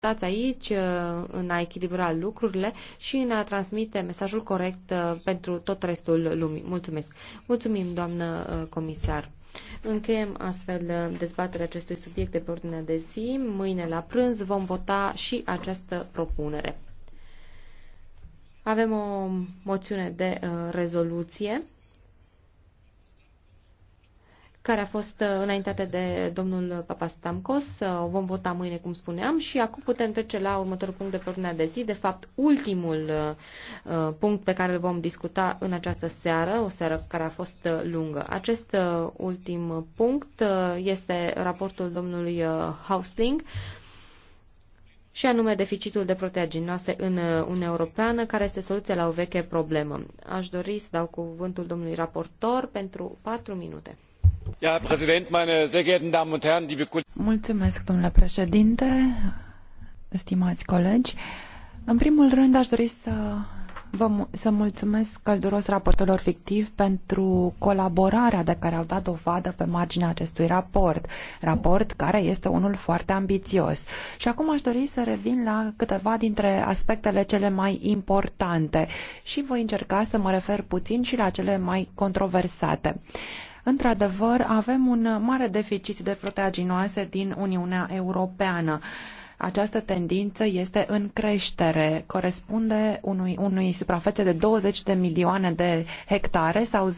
stați aici uh, în a echilibra lucrurile și în a transmite mesajul corect uh, pentru tot restul lumii. Mulțumesc! Mulțumim, doamnă uh, comisar! Încheiem astfel dezbaterea acestui subiect de pe ordinea de zi. Mâine la prânz vom vota și această propunere. Avem o moțiune de rezoluție care a fost uh, înaintată de domnul Papastamcos. Uh, o vom vota mâine, cum spuneam, și acum putem trece la următorul punct de ordine de zi, de fapt ultimul uh, punct pe care îl vom discuta în această seară, o seară care a fost lungă. Acest ultim punct este raportul domnului Hausling și anume deficitul de proteaginoase în Uniunea Europeană, care este soluția la o veche problemă. Aș dori să dau cuvântul domnului raportor pentru patru minute herr domnule președinte, stimați colegi. În primul rând, aș dori să vă mulțumesc călduros raportorilor fictivi pentru colaborarea de care au dat dovadă pe marginea acestui raport, raport care este unul foarte ambițios. Și acum aș dori să revin la câteva dintre aspectele cele mai importante și voi încerca să mă refer puțin și la cele mai controversate. Într-adevăr, avem un mare deficit de proteaginoase din Uniunea Europeană. Această tendință este în creștere, corespunde unui, unui suprafețe de 20 de milioane de hectare sau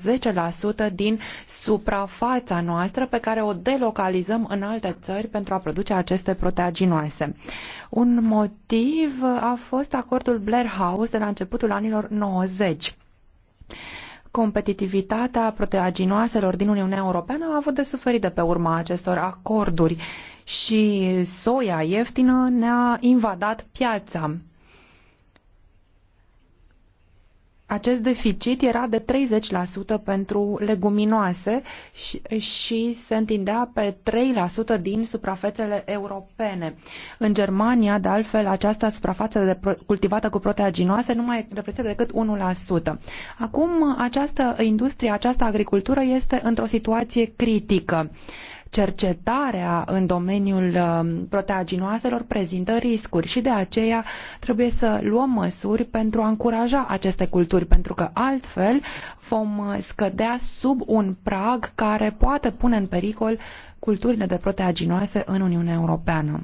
10% din suprafața noastră pe care o delocalizăm în alte țări pentru a produce aceste proteaginoase. Un motiv a fost acordul Blair House de la începutul anilor 90 competitivitatea proteaginoaselor din Uniunea Europeană a avut de suferit de pe urma acestor acorduri și soia ieftină ne-a invadat piața. acest deficit era de 30% pentru leguminoase și, și se întindea pe 3% din suprafețele europene. În Germania, de altfel, această suprafață de cultivată cu proteaginoase nu mai reprezintă decât 1%. Acum, această industrie, această agricultură este într-o situație critică cercetarea în domeniul um, proteaginoaselor prezintă riscuri și de aceea trebuie să luăm măsuri pentru a încuraja aceste culturi, pentru că altfel vom uh, scădea sub un prag care poate pune în pericol culturile de proteaginoase în Uniunea Europeană.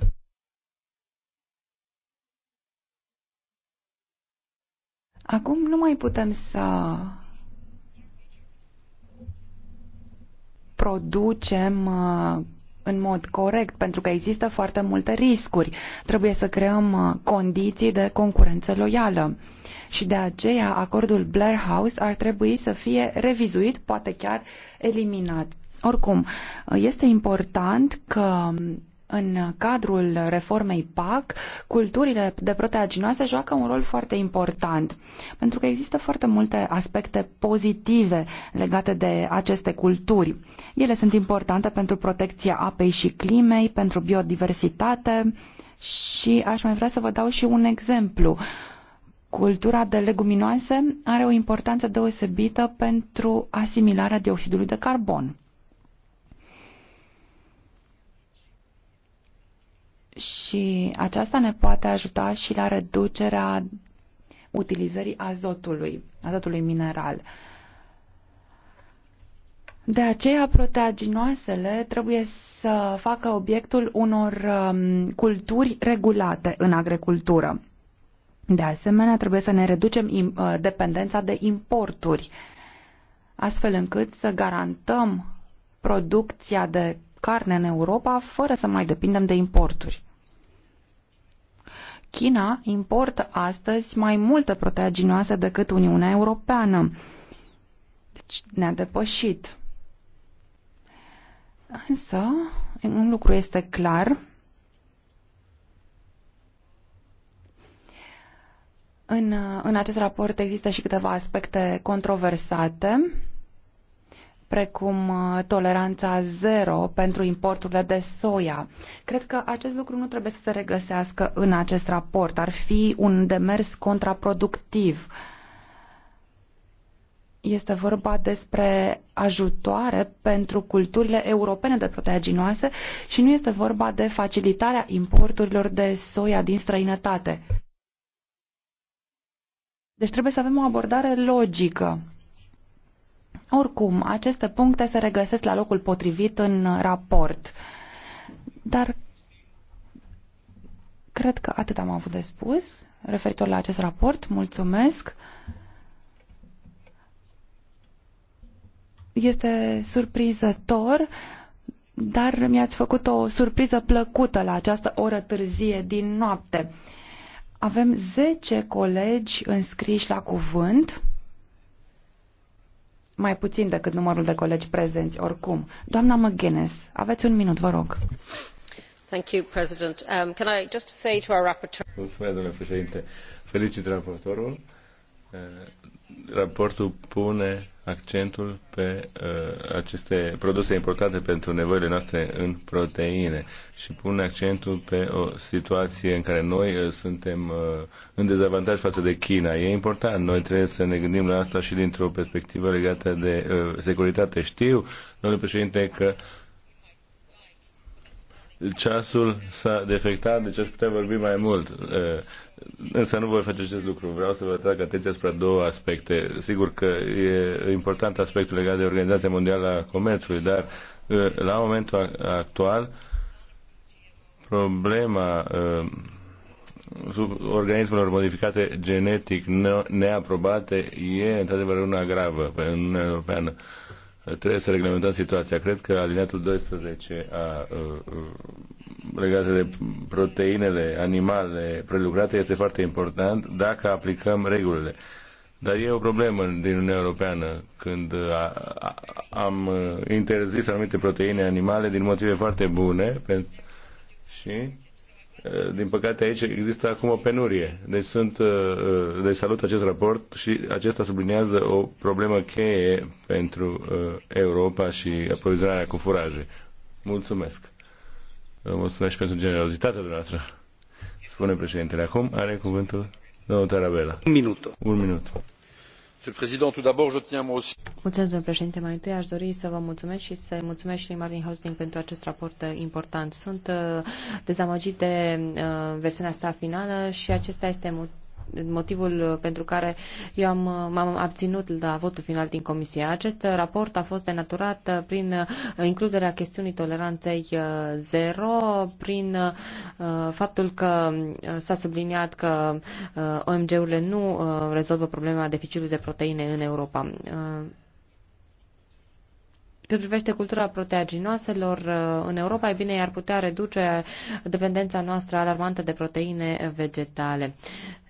Acum nu mai putem să producem uh, în mod corect, pentru că există foarte multe riscuri. Trebuie să creăm uh, condiții de concurență loială. Și de aceea acordul Blair House ar trebui să fie revizuit, poate chiar eliminat. Oricum, este important că um, în cadrul reformei PAC, culturile de proteaginoase joacă un rol foarte important, pentru că există foarte multe aspecte pozitive legate de aceste culturi. Ele sunt importante pentru protecția apei și climei, pentru biodiversitate și aș mai vrea să vă dau și un exemplu. Cultura de leguminoase are o importanță deosebită pentru asimilarea dioxidului de carbon. și aceasta ne poate ajuta și la reducerea utilizării azotului, azotului mineral. De aceea, proteaginoasele trebuie să facă obiectul unor um, culturi regulate în agricultură. De asemenea, trebuie să ne reducem uh, dependența de importuri, astfel încât să garantăm producția de carne în Europa fără să mai depindem de importuri. China importă astăzi mai multă proteaginoase decât Uniunea Europeană. Deci ne-a depășit. Însă, un lucru este clar. În, în acest raport există și câteva aspecte controversate precum uh, toleranța zero pentru importurile de soia. Cred că acest lucru nu trebuie să se regăsească în acest raport. Ar fi un demers contraproductiv. Este vorba despre ajutoare pentru culturile europene de proteaginoase și nu este vorba de facilitarea importurilor de soia din străinătate. Deci trebuie să avem o abordare logică oricum, aceste puncte se regăsesc la locul potrivit în raport. Dar cred că atât am avut de spus referitor la acest raport. Mulțumesc. Este surprizător, dar mi-ați făcut o surpriză plăcută la această oră târzie din noapte. Avem 10 colegi înscriși la cuvânt mai puțin decât numărul de colegi prezenți oricum. Doamna McGuinness, aveți un minut, vă rog. Thank you, President. Um, can I just say to our rapporteur... Mulțumesc, domnule președinte. Felicit raportorul. Uh, raportul pune accentul pe uh, aceste produse importate pentru nevoile noastre în proteine și pune accentul pe o situație în care noi uh, suntem uh, în dezavantaj față de China. E important, noi trebuie să ne gândim la asta și dintr-o perspectivă legată de uh, securitate. Știu, domnule președinte, că ceasul s-a defectat, deci aș putea vorbi mai mult. Uh, Însă nu voi face acest lucru. Vreau să vă atrag atenția asupra două aspecte. Sigur că e important aspectul legat de Organizația Mondială a Comerțului, dar uh, la momentul actual problema uh, organismelor modificate genetic neaprobate e într-adevăr una gravă în Uniunea Europeană trebuie să reglementăm situația. Cred că alineatul 12 a, uh, uh, legat de proteinele animale prelucrate este foarte important dacă aplicăm regulile. Dar e o problemă din Uniunea Europeană când a, a, am uh, interzis anumite proteine animale din motive foarte bune pentru și Eh, din păcate aici există acum o penurie. Deci sunt, eh, eh, de deci salut acest raport și acesta sublinează o problemă cheie pentru Europa și aprovizionarea cu furaje. Mulțumesc. Mulțumesc și pentru generozitatea dumneavoastră. Spune președintele acum, are cuvântul domnul Tarabela. Un minut. Un minut domnule președinte, mai întâi aș dori să vă mulțumesc și să îi mulțumesc și lui Martin Hosting pentru acest raport uh, important. Sunt uh, dezamăgit de uh, versiunea sa finală și acesta este motivul motivul pentru care eu am, m-am abținut la votul final din comisie. Acest raport a fost denaturat uh, prin uh, includerea chestiunii toleranței uh, zero, prin faptul că s-a subliniat că OMG-urile nu rezolvă problema deficitului de proteine în Europa. Cât privește cultura proteaginoaselor uh, în Europa, e bine, i-ar putea reduce dependența noastră alarmantă de proteine vegetale.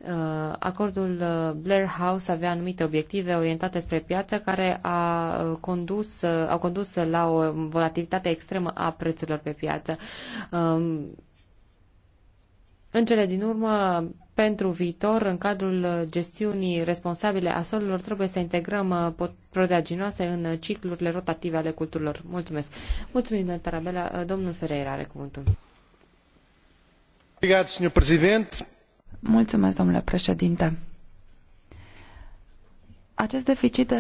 Uh, acordul uh, Blair House avea anumite obiective orientate spre piață care a condus, au condus la o volatilitate extremă a prețurilor pe piață. Um, în cele din urmă, pentru viitor, în cadrul gestiunii responsabile a solurilor, trebuie să integrăm uh, proteaginoase în ciclurile rotative ale culturilor. Mulțumesc. Mulțumim, domnule Tarabela. Uh, domnul Ferreira are cuvântul. Mulțumesc, domnule președinte. Acest deficit de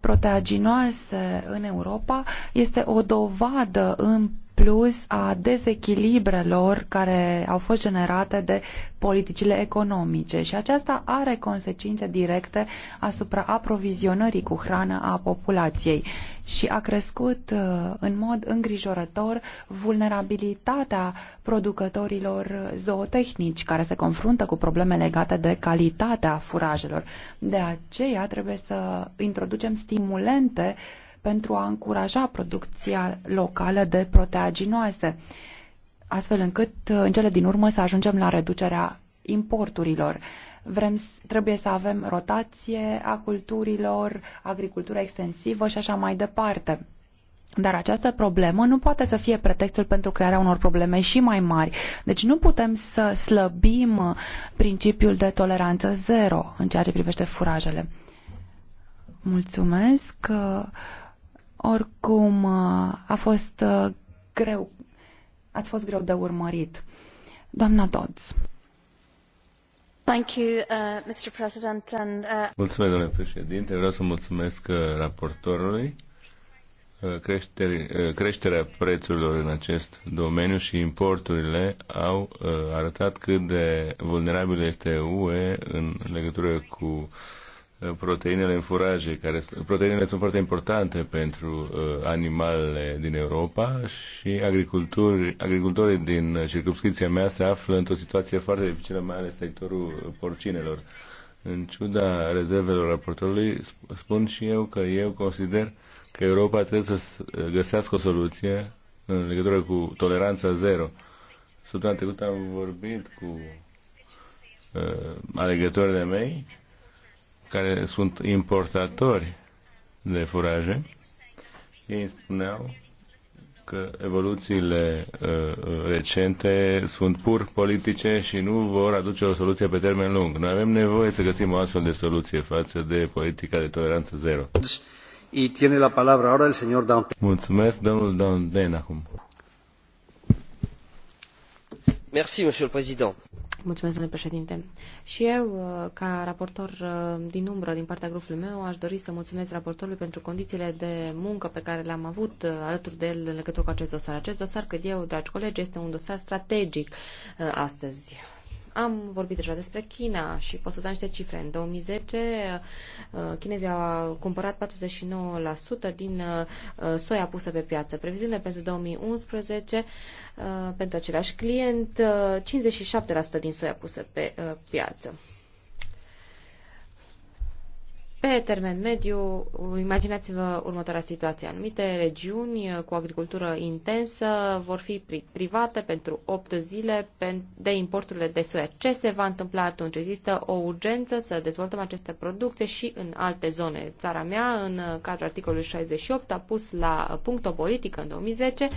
proteaginoase în Europa este o dovadă în plus a dezechilibrelor care au fost generate de politicile economice și aceasta are consecințe directe asupra aprovizionării cu hrană a populației și a crescut uh, în mod îngrijorător vulnerabilitatea producătorilor zootehnici care se confruntă cu probleme legate de calitatea furajelor. De aceea trebuie să introducem stimulente uh, pentru a încuraja producția locală de proteaginoase, astfel încât în cele din urmă să ajungem la reducerea importurilor. Vrem, trebuie să avem rotație a culturilor, agricultură extensivă și așa mai departe. Dar această problemă nu poate să fie pretextul pentru crearea unor probleme și mai mari. Deci nu putem să slăbim principiul de toleranță zero în ceea ce privește furajele. Mulțumesc. Oricum, uh, a fost uh, greu, ați fost greu de urmărit. Doamna Dodds. Thank you, uh, Mr. President, and, uh... Mulțumesc, domnule președinte. Vreau să mulțumesc uh, raportorului creșterea prețurilor în acest domeniu și importurile au arătat cât de vulnerabil este UE în legătură cu proteinele în furaje, care proteinele sunt foarte importante pentru uh, animalele din Europa și agricultori, agricultorii din circumscripția mea se află într-o situație foarte dificilă, mai ales sectorul porcinelor. În ciuda rezervelor raportorului, spun și eu că eu consider că Europa trebuie să găsească o soluție în legătură cu toleranța zero. Săptămâna trecută am vorbit cu uh, alegătorile mei care sunt importatori de furaje, ei spuneau că evoluțiile uh, uh, recente sunt pur politice și nu vor aduce o soluție pe termen lung. Noi avem nevoie să găsim o astfel de soluție față de politica de toleranță zero. Y tiene la palabra ahora el señor Down. Mulțumesc, domnul Down acum. Merci, monsieur le président. Mulțumesc, domnule președinte. Și eu, uh, ca raportor uh, din umbră, din partea grupului meu, aș dori să mulțumesc raportorului pentru condițiile de muncă pe care le-am avut uh, alături de el în legătură cu acest dosar. Acest dosar, cred eu, dragi colegi, este un dosar strategic astăzi. Am vorbit deja despre China și pot să dau niște cifre. În 2010, uh, chinezii au cumpărat 49% uh, uh, din soia pusă pe piață. Previziune pentru 2011, pentru același client, 57% din soia pusă pe piață. Pe termen mediu, imaginați-vă următoarea situație. Anumite regiuni uh, cu agricultură intensă vor fi private pentru 8 zile de importurile de soia. Ce se va întâmpla atunci? Există o urgență să dezvoltăm aceste producte și în alte zone. Țara mea, în uh, cadrul articolului 68, a pus la punct o politică în 2010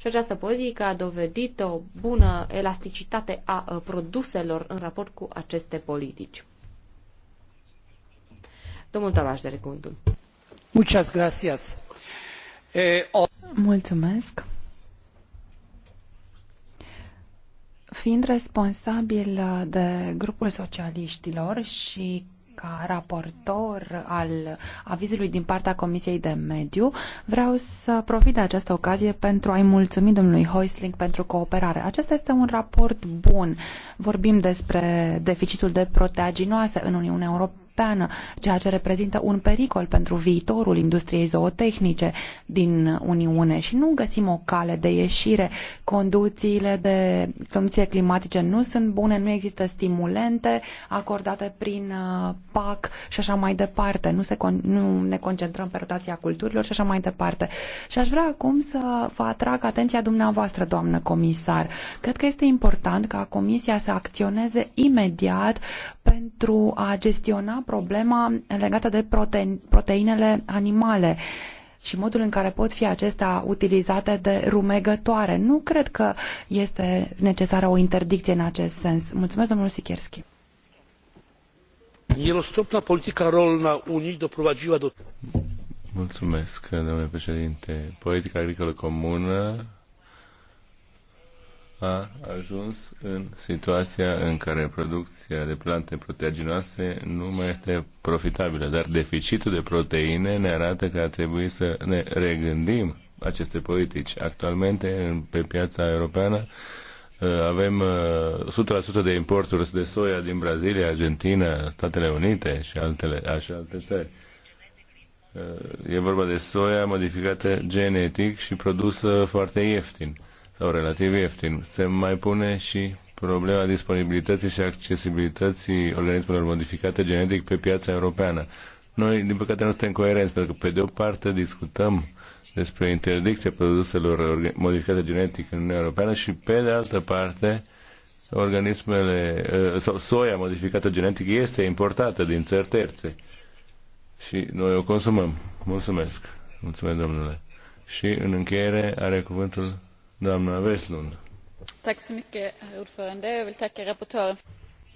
și această politică a dovedit o bună elasticitate a uh, produselor în raport cu aceste politici. Domnul Tavaș de Recuvântul. Muchas gracias. Eh, Mulțumesc. Fiind responsabil uh, de grupul socialiștilor și ca raportor al avizului din partea Comisiei de Mediu, vreau să profit de această ocazie pentru a-i mulțumi domnului Hoisling pentru cooperare. Acesta este un raport bun. Vorbim despre deficitul de proteaginoase în Uniunea Europeană Europeană, ceea ce reprezintă un pericol pentru viitorul industriei zootehnice din Uniune și nu găsim o cale de ieșire. Conduțiile, de, conduțiile climatice nu sunt bune, nu există stimulente acordate prin uh, PAC și așa mai departe. Nu, se, nu ne concentrăm pe rotația culturilor și așa mai departe. Și aș vrea acum să vă atrag atenția dumneavoastră, doamnă comisar. Cred că este important ca Comisia să acționeze imediat pentru a gestiona problema legată de prote proteinele animale și modul în care pot fi acestea utilizate de rumegătoare. Nu cred că este necesară o interdicție în acest sens. Mulțumesc, domnul Sikierski. Nieroztropna politica rolna Unii doprowadziła do... Mulțumesc, domnule președinte. Politica agricolă comună a ajuns în situația în care producția de plante proteaginoase nu mai este profitabilă, dar deficitul de proteine ne arată că ar trebui să ne regândim aceste politici. Actualmente, pe piața europeană, uh, avem 100% uh, de importuri de soia din Brazilia, Argentina, Statele Unite și altele, așa alte țări. Uh, e vorba de soia modificată genetic și produsă foarte ieftin sau relativ ieftin. Se mai pune și problema disponibilității și accesibilității organismelor modificate genetic pe piața europeană. Noi, din păcate, nu suntem coerenți, pentru că, pe de o parte, discutăm despre interdicția produselor modificate genetic în Uniunea Europeană și, pe de altă parte, organismele uh, sau soia modificată genetic este importată din țări terțe și noi o consumăm. Mulțumesc. Mulțumesc, domnule. Și în încheiere are cuvântul doamna Westlund. Tack så mycket, ordförande. Jag vill tacka rapportören.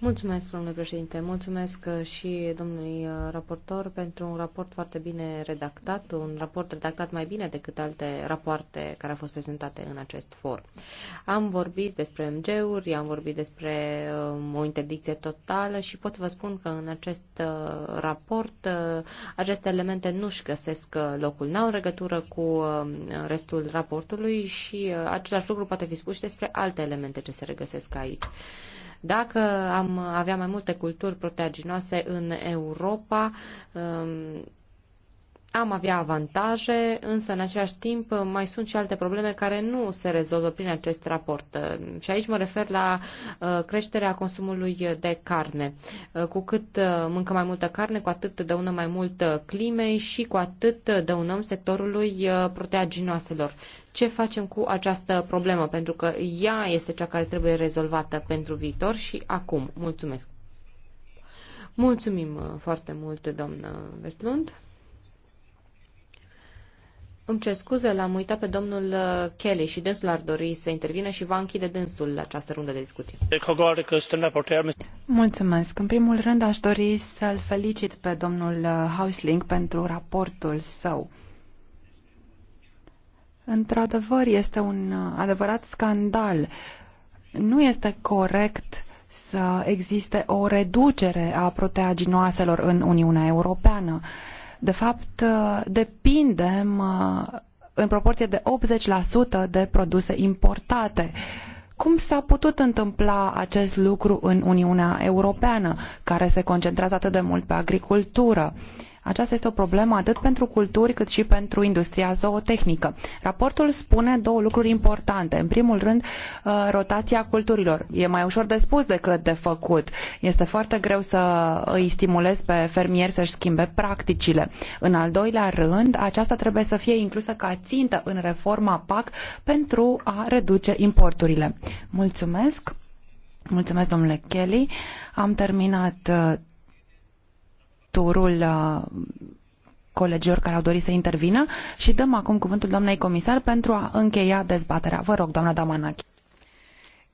Mulțumesc, domnule președinte. Mulțumesc uh, și domnului uh, raportor pentru un raport foarte bine redactat, un raport redactat mai bine decât alte rapoarte care au fost prezentate în acest for. Am vorbit despre MG-uri, am vorbit despre um, o interdicție totală și pot să vă spun că în acest uh, raport aceste elemente nu își găsesc locul, n-au legătură cu um, restul raportului și același lucru poate fi spus și despre alte elemente ce se regăsesc aici. Dacă am avea mai multe culturi proteaginoase în Europa, um, am avea avantaje, însă în același timp mai sunt și alte probleme care nu se rezolvă prin acest raport. Și aici mă refer la uh, creșterea consumului de carne. Uh, cu cât uh, mâncăm mai multă carne, cu atât dăunăm mai mult climei și cu atât dăunăm sectorului proteaginoaselor ce facem cu această problemă, pentru că ea este cea care trebuie rezolvată pentru viitor și acum. Mulțumesc! Mulțumim uh, foarte mult, doamnă Vestlund. Îmi cer scuze, l-am uitat pe domnul uh, Kelly și dânsul ar dori să intervină și va închide dânsul la această rundă de discuții. Mulțumesc. În primul rând aș dori să-l felicit pe domnul uh, Hausling pentru raportul său. Într-adevăr, este un uh, adevărat scandal. Nu este corect să existe o reducere a proteaginoaselor în Uniunea Europeană. De fapt, uh, depindem uh, în proporție de 80% de produse importate. Cum s-a putut întâmpla acest lucru în Uniunea Europeană, care se concentrează atât de mult pe agricultură? Uh, aceasta este o problemă atât pentru culturi cât și pentru industria zootehnică. Raportul spune două lucruri importante. În primul rând, uh, rotația culturilor. E mai ușor de spus decât de făcut. Este foarte greu să îi stimulezi pe fermieri să-și schimbe practicile. În al doilea rând, aceasta trebuie să fie inclusă ca țintă în reforma PAC pentru a reduce importurile. Mulțumesc! Mulțumesc, domnule Kelly. Am terminat uh, turul uh, colegilor care au dorit să intervină și dăm acum cuvântul doamnei comisar pentru a încheia dezbaterea. Vă rog, doamna Damanaki.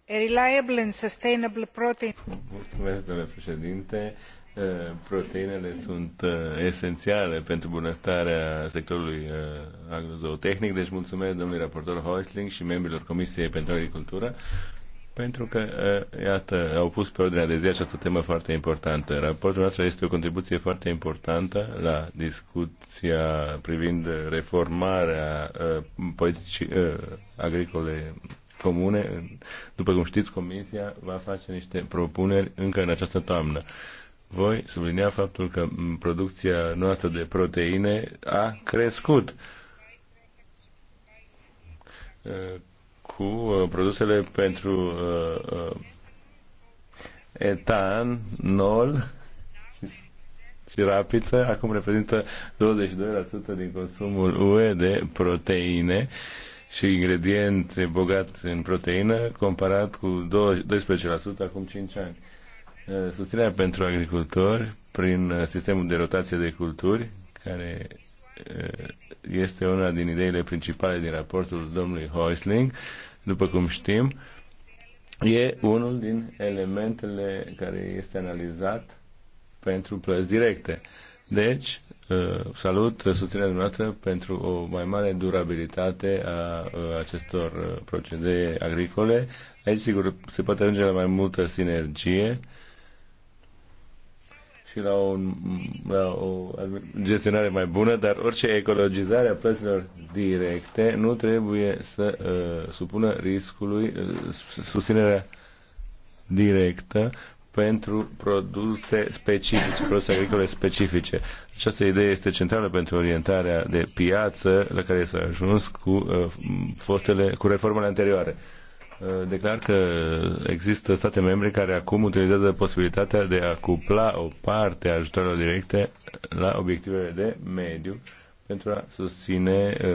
Reliable and sustainable protein. Mulțumesc, domnule președinte. Uh, proteinele sunt uh, esențiale pentru bunăstarea sectorului agrozootehnic, deci mulțumesc domnului raportor Hoisling și membrilor Comisiei pentru Agricultură pentru că, uh, iată, au pus pe ordinea de zi această temă foarte importantă. Raportul nostru este o contribuție foarte importantă la discuția privind reformarea uh, politicii uh, agricole comune. După cum știți, Comisia va face niște propuneri încă în această toamnă. Voi sublinia faptul că producția noastră de proteine a crescut cu uh, produsele pentru uh, uh, etan, nol și, și rapiță. Acum reprezintă 22% din consumul UE de proteine și ingrediente bogat în proteină, comparat cu 12% acum 5 ani. Uh, susținerea pentru agricultori prin uh, sistemul de rotație de culturi, care uh, este una din ideile principale din raportul domnului Heusling, după cum știm, e unul din elementele care este analizat pentru plăți directe. Deci, uh, salut susținerea dumneavoastră pentru o mai mare durabilitate a uh, acestor uh, procedee agricole. Aici, sigur, se poate ajunge la mai multă sinergie și la, un, la o gestionare mai bună, dar orice ecologizare a plăților directe nu trebuie să uh, supună riscului uh, susținerea directă pentru produse specifice, produse agricole specifice. Această idee este centrală pentru orientarea de piață la care s-a ajuns cu uh, fostele, cu reformele anterioare. Uh, Eh, declar că există state membre care acum utilizează posibilitatea de a cupla o parte a ajutorului directe la obiectivele de mediu pentru a susține eh,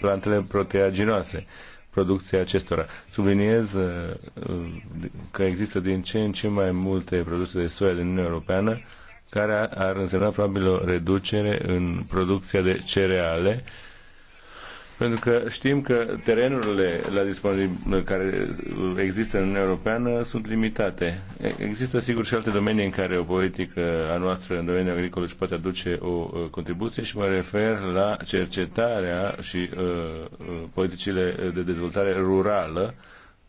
plantele proteaginoase, producția acestora. Subliniez eh, că există din ce în ce mai multe produse de soia din Uniunea Europeană care ar însemna probabil o reducere în producția de cereale, pentru că știm că terenurile la dispoziție care există în Uniunea Europeană sunt limitate. Există sigur și alte domenii în care o politică a noastră în domeniul agricol își poate aduce o uh, contribuție și mă refer la cercetarea și uh, uh politicile de dezvoltare rurală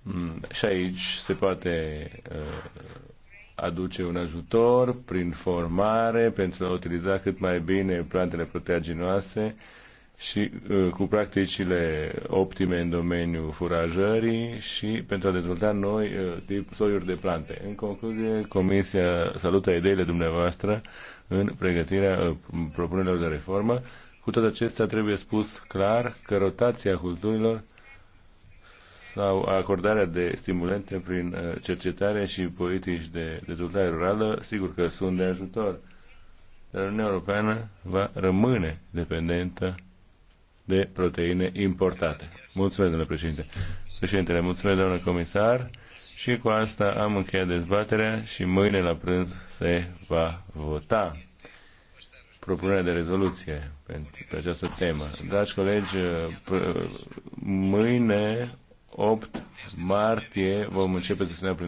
mm, și aici se poate uh, aduce un ajutor prin formare pentru a utiliza cât mai bine plantele proteaginoase uh, și uh, cu practicile optime în domeniul furajării și pentru a dezvolta noi uh, tip soiuri de plante. În concluzie, Comisia salută ideile dumneavoastră în pregătirea uh, propunerilor de reformă. Cu toate acestea trebuie spus clar că rotația culturilor sau acordarea de stimulente prin cercetare și politici de dezvoltare rurală, sigur că sunt de ajutor. Dar Uniunea Europeană va rămâne dependentă de proteine importate. Mulțumesc, domnule președinte. Președintele, mulțumesc, domnule comisar. Și cu asta am încheiat dezbaterea și mâine la prânz se va vota propunerea de rezoluție pe această temă. Dragi colegi, mâine, 8 martie, vom începe să ne